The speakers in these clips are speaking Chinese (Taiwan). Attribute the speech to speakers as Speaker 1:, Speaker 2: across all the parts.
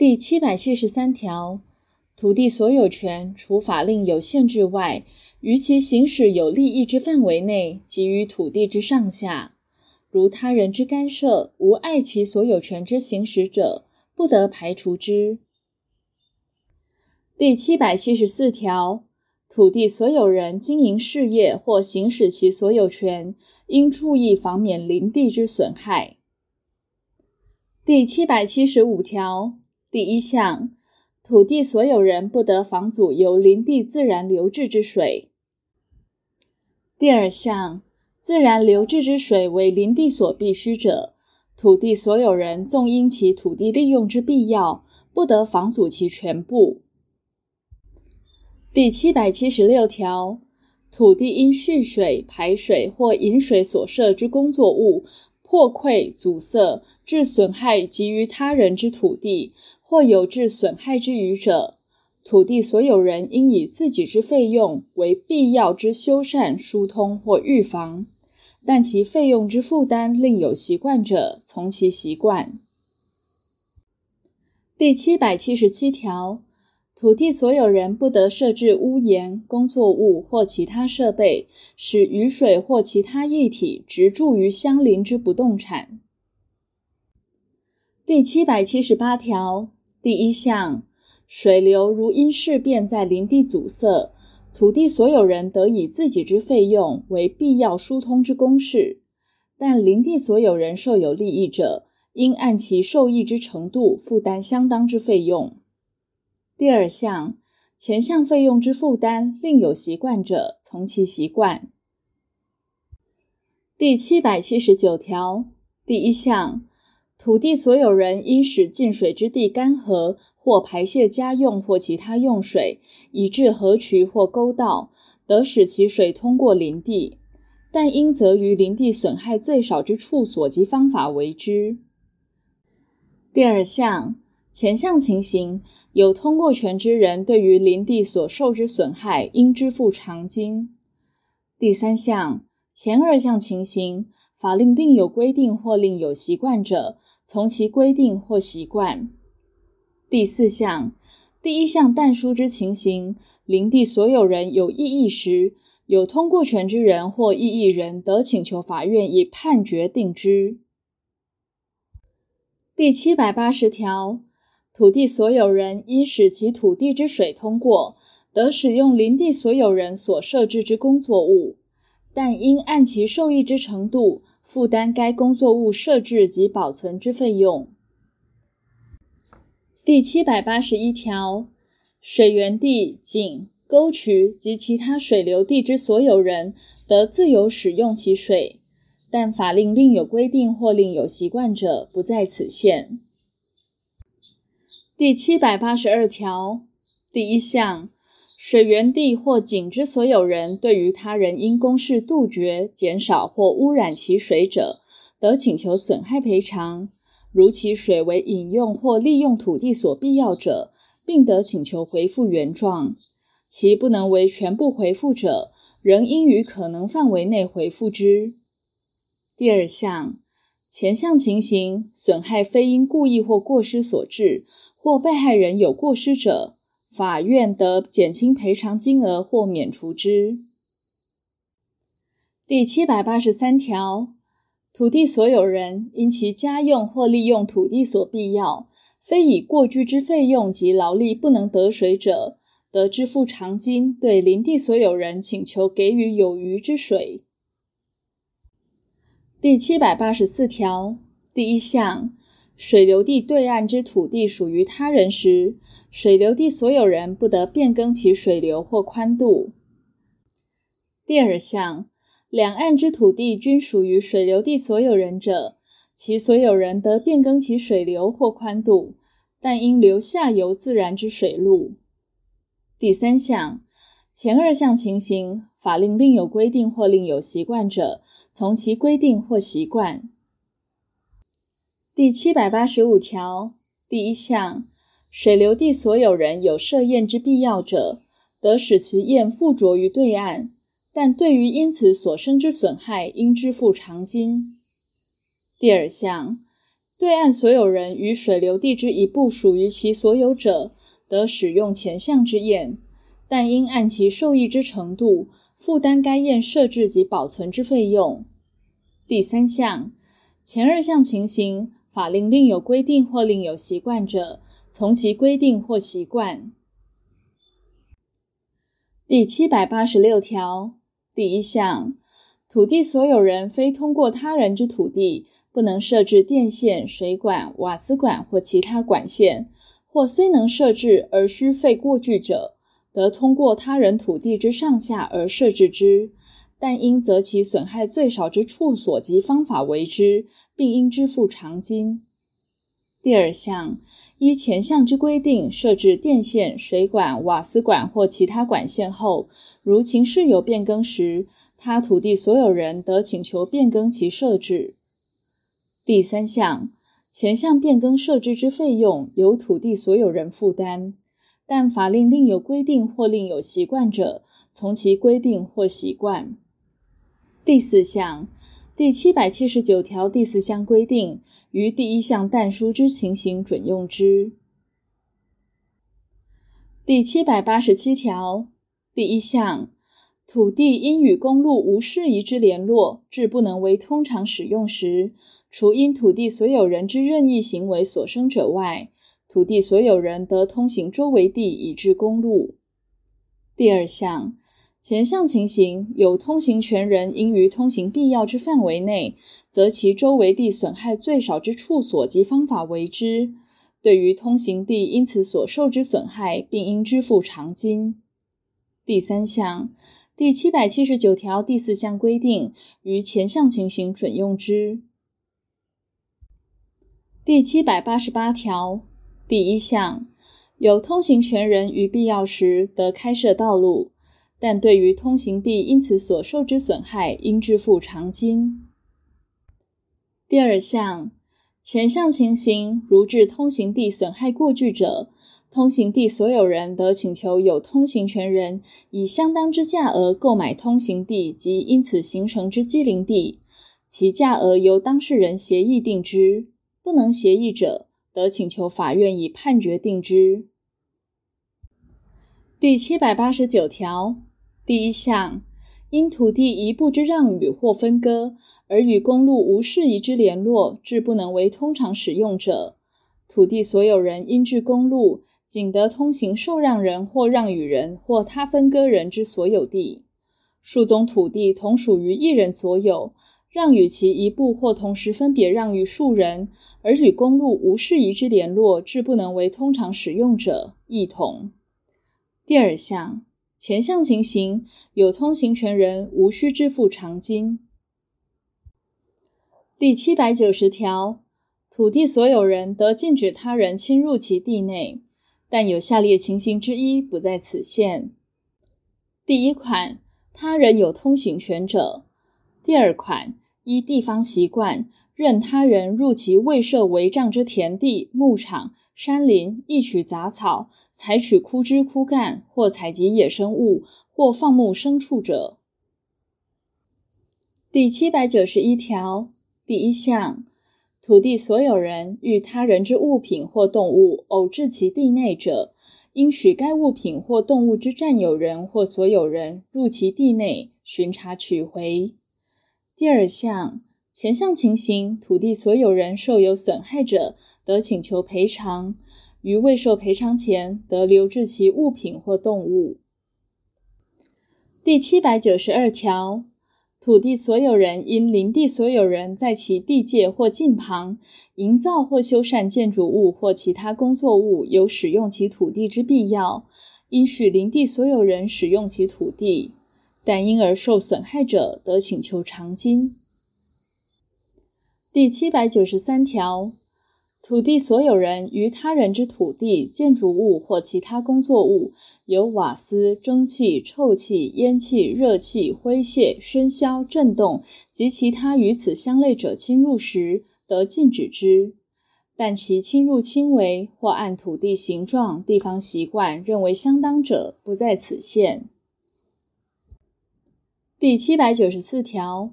Speaker 1: 第七百七十三條，土地所有權除法令有限制外，於其行使有利益之範圍內及於土地之上下，如他人之干涉無礙其所有權之行使者，不得排除之。第七百七十四條，土地所有人經營事業或行使其所有權，應注意防免鄰地之損害。第七百七十五條。第一項，土地所有人不得妨阻由林地自然流至之水。第二項，自然流至之水為林地所必須者，土地所有人縱因其土地利用之必要，不得妨阻其全部。第七百七十六條，土地因蓄水、排水或引水所設之工作物，破潰阻塞，致損害及於他人之土地，或有致損害之虞者，土地所有人應以自己之費用為必要之修繕、疏通或預防，但其費用之負擔另有習慣者，從其習慣。第七百七十七條，土地所有人不得設置屋檐、工作物或其他設備，使雨水或其他液體直注於相鄰之不動產。第七百七十八條。第一項，水流如因事變在林地阻塞，土地所有人得以自己之費用為必要疏通之工事；但林地所有人受有利益者，應按其受益之程度負擔相當之費用。第二項，前項費用之負擔，另有習慣者，從其習慣。第七百七十九條第一項。土地所有人因使浸水之地乾涸，或排泄家用或其他用水，以至河渠或溝道，得使其水通過鄰地，但應擇於鄰地損害最少之處所及方法為之。第二項，前項情形，有通過權之人對於鄰地所受之損害，應支付償金。第三項，前二項情形，法令另有規定或另有習慣者，從其規定或習慣。第四項，第一項但書之情形，鄰地所有人有異議時，有通過權之人或異議人得請求法院以判決定之。第七百八十條，土地所有人因使其土地之水通過，得使用鄰地所有人所設置之工作物，但應按其受益之程度，負擔該工作物設置及保存之費用。第七百八十一條，水源地、井、溝渠及其他水流地之所有人得自由使用其水，但法令另有規定或另有習慣者不在此限。第七百八十二條第一項。水源地或井之所有人，對於他人因公事杜絕、減少或污染其水者，得請求損害賠償；如其水為飲用或利用土地所必要者，並得請求回復原狀。其不能為全部回復者，仍應於可能範圍內回復之。第二項，前項情形損害非因故意或過失所致，或被害人有過失者。法院得減輕賠償金額或免除之。第七百八十三條，土地所有人因其家用或利用土地所必要，非以過鉅之費用及勞力不能得水者，得支付償金。對鄰地所有人請求給予有餘之水。第七百八十四條第一項。水流地對岸之土地屬於他人時，水流地所有人不得變更其水流或寬度。第二項，兩岸之土地均屬於水流地所有人者，其所有人得變更其水流或寬度，但應留下游自然之水路。第三項，前二項情形，法令另有規定或另有習慣者，從其規定或習慣。第七百八十五條第一項，水流地所有人有設堰之必要者，得使其堰附着於對岸，但對於因此所生之損害，應支付償金。第二項，對岸所有人與水流地之一部屬於其所有者，得使用前項之堰，但應按其受益之程度，負擔該堰設置及保存之費用。第三項，前二項情形。法令另有規定或另有習慣者，從其規定或習慣。第七百八十六條第一項，土地所有人非通過他人之土地，不能設置電線、水管、瓦斯管或其他管線；或雖能設置而需費過巨者，得通過他人土地之上下而設置之，但應擇其損害最少之處所及方法為之。並應支付償金。第二項，依前項之規定設置電線、水管、瓦斯管或其他管線後，如情事有變更時，他土地所有人得請求變更其設置。第三項，前項變更設置之費用由土地所有人負擔，但法令另有規定或另有習慣者，從其規定或習慣。第四項。第七百七十九條第四項規定，於第一項但書之情形準用之。第七百八十七條第一項，土地因與公路無適宜之聯絡，致不能為通常使用時，除因土地所有人之任意行為所生者外，土地所有人得通行周圍地以至公路。第二項。前項情形，有通行權人應於通行必要之範圍內，擇其周圍地損害最少之處所及方法為之；對於通行地因此所受之損害，並應支付償金。第三項第七百七十九條第四項規定，於前項情形準用之。第七百八十八條第一項，有通行權人於必要時得開設道路。但對於通行地因此所受之損害，應支付償金。第二項，前項情形，如致通行地損害過鉅者，通行地所有人得請求有通行權人以相當之價額購買通行地及因此形成之畸零地，其價額由當事人協議定之；不能協議者，得請求法院以判決定之。第七百八十九條。第一項，因土地一部之讓與或分割而與公路無適宜之聯絡，致不能為通常使用者，土地所有人因至公路僅得通行受讓人或讓與人或他分割人之所有地，數宗土地同屬於一人所有，讓與其一部或同時分別讓與數人而與公路無適宜之聯絡，致不能為通常使用者，亦同。第二項。前項情形，有通行權人無需支付償金。第七百九十條，土地所有人得禁止他人侵入其地內，但有下列情形之一，不在此限：第一款，他人有通行權者；第二款，依地方習慣。任他人入其未設圍障之田地、牧場、山林，刈取雜草、採取枯枝枯幹，或採集野生物，或放牧牲畜者。第七百九十一條第一項，土地所有人遇他人之物品或動物偶至其地內者，應許該物品或動物之占有人或所有人入其地內尋查取回。第二項。前項情形，土地所有人受有損害者，得請求賠償；於未受賠償前，得留置其物品或動物。第七百九十二條，土地所有人因鄰地所有人在其地界或近旁營造或修繕建築物或其他工作物，有使用其土地之必要，應許鄰地所有人使用其土地，但因而受損害者，得請求償金。第七百九十三條，土地所有人於他人之土地、建築物或其他工作物，有瓦斯、蒸汽、臭氣、煙氣、熱氣、灰屑、喧囂、震動及其他與此相類者侵入時，得禁止之，但其侵入輕微或按土地形狀、地方習慣認為相當者，不在此限。第七百九十四條。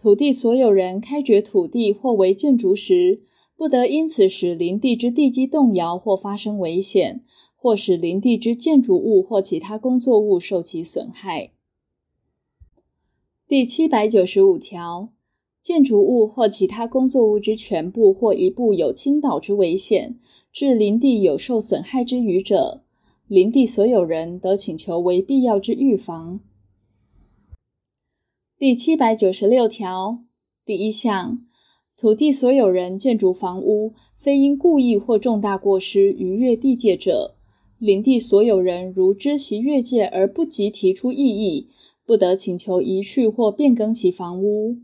Speaker 1: 土地所有人開掘土地或為建築時，不得因此使鄰地之地基動搖或發生危險，或使鄰地之建築物或其他工作物受其損害。第七百九十五條，建築物或其他工作物之全部或一部有傾倒之危險，致鄰地有受損害之虞者，鄰地所有人得請求為必要之預防。第七百九十六條第一項，土地所有人建築房屋，非因故意或重大過失逾越地界者，鄰地所有人如知其越界而不即提出異議，不得請求移去或變更其房屋，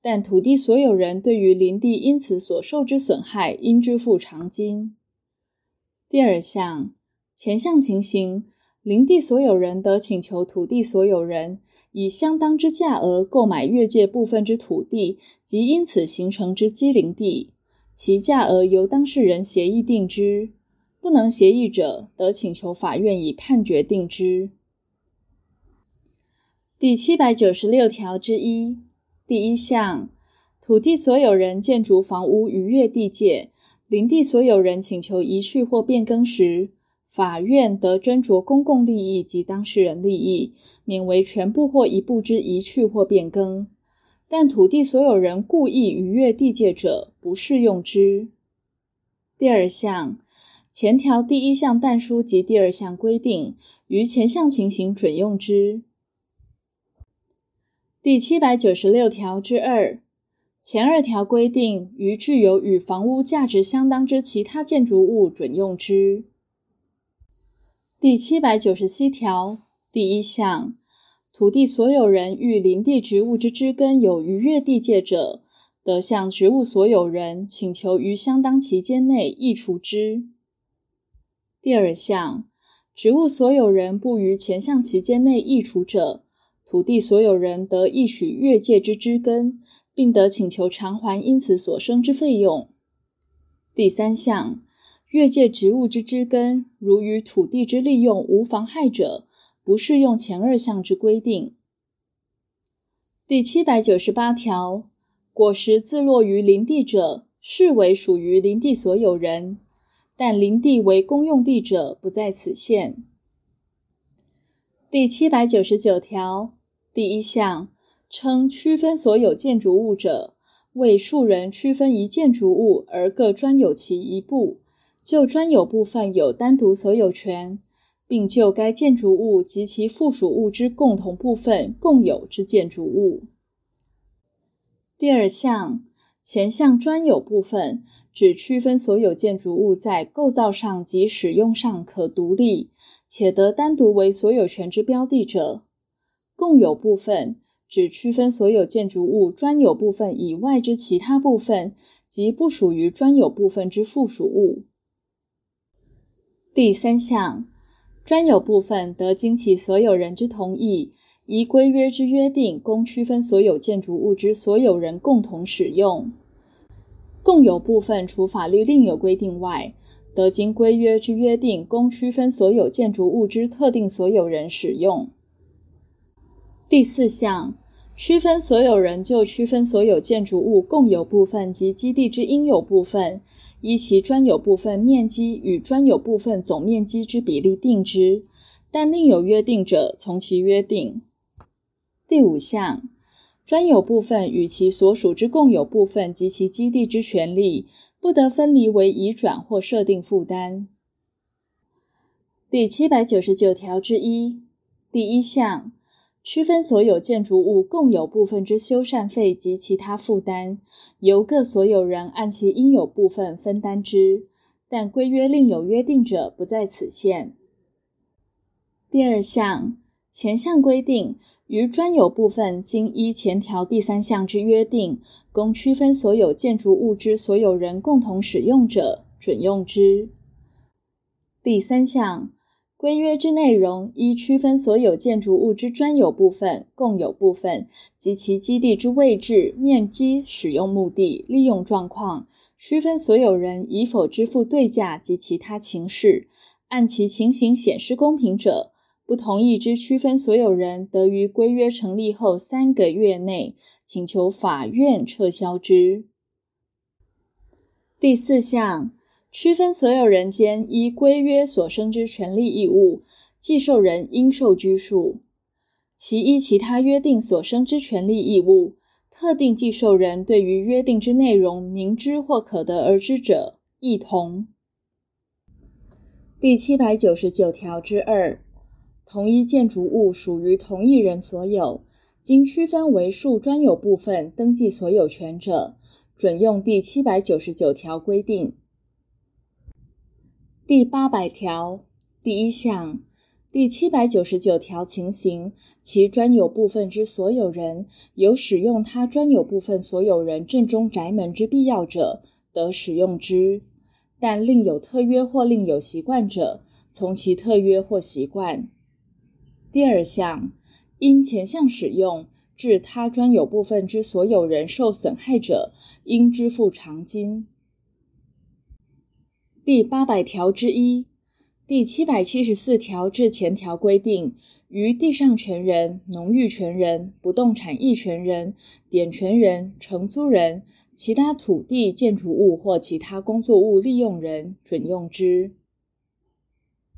Speaker 1: 但土地所有人對於鄰地因此所受之損害，應支付償金。第二項，前項情形，鄰地所有人得請求土地所有人。以相當之價額購買越界部分之土地及因此形成之畸零地，其價額由當事人協議定之；不能協議者，得請求法院以判決定之。第七百九十六條之一第一項，土地所有人建築房屋逾越地界，鄰地所有人請求移去或變更時。法院得斟酌公共利益及當事人利益，免為全部或一部之移去或變更。但土地所有人故意逾越地界者，不適用之。第二項前條第一項但書及第二項規定，於前項情形準用之。第七百九十六條之二前二條規定，於具有與房屋價值相當之其他建築物準用之。第七百九十七條第一項，土地所有人遇鄰地植物之枝根有逾越地界者，得向植物所有人請求於相當期間內刈除之。第二項，植物所有人不於前項期間內刈除者，土地所有人得刈取越界之枝根，並得請求償還因此所生之費用。第三項。越界植物之枝根，如於土地之利用無妨害者，不適用前二項之規定。第七百九十八條，果實自落於林地者，視為屬於林地所有人，但林地為公用地者不在此限。第七百九十九條第一項，稱區分所有建築物者，為數人區分一建築物而各專有其一部。就專有部分有單獨所有權，並就該建築物及其附屬物之共同部分共有之建築物。第二項，前項專有部分，指區分所有建築物在構造上及使用上可獨立且得單獨為所有權之標的者；共有部分，指區分所有建築物專有部分以外之其他部分及不屬於專有部分之附屬物。第三項，專有部分得經其所有人之同意，依規約之約定，供區分所有建築物之所有人共同使用；共有部分除法律另有規定外，得經規約之約定，供區分所有建築物之特定所有人使用。第四項，區分所有人就區分所有建築物共有部分及基地之應有部分。依其專有部分面積與專有部分總面積之比例定之，但另有約定者，從其約定。第五項，專有部分與其所屬之共有部分及其基地之權利，不得分離為移轉或設定負擔。第七百九十九條之一第一項。區分所有建築物共有部分之修繕費及其他負擔，由各所有人按其應有部分分擔之，但規約另有約定者，不在此限。第二項，前項規定於專有部分經依前條第三項之約定，供區分所有建築物之所有人共同使用者準用之。第三項。規約之內容，依區分所有建築物之專有部分、共有部分及其基地之位置、面積、使用目的、利用狀況；區分所有人以否支付對價及其他情事，按其情形顯失公平者，不同意之區分所有人得於規約成立後三個月內請求法院撤銷之。第四項。區分所有人間依規約所生之權利義務，繼受人應受拘束；其依其他約定所生之權利義務，特定繼受人對於約定之內容明知或可得而知者，亦同。第七百九十九條之二，同一建築物屬於同一人所有，經區分為數專有部分登記所有權者，準用第七百九十九條規定。第八百條第一項第七百九十九條情形，其專有部分之所有人有使用他專有部分所有人正中宅門之必要者，得使用之；但另有特約或另有習慣者，從其特約或習慣。第二項，因前項使用致他專有部分之所有人受損害者，應支付償金。第八百條之一、第七百七十四條至前條規定，於地上權人、農育權人、不動產役權人、典權人、承租人、其他土地建築物或其他工作物利用人準用之。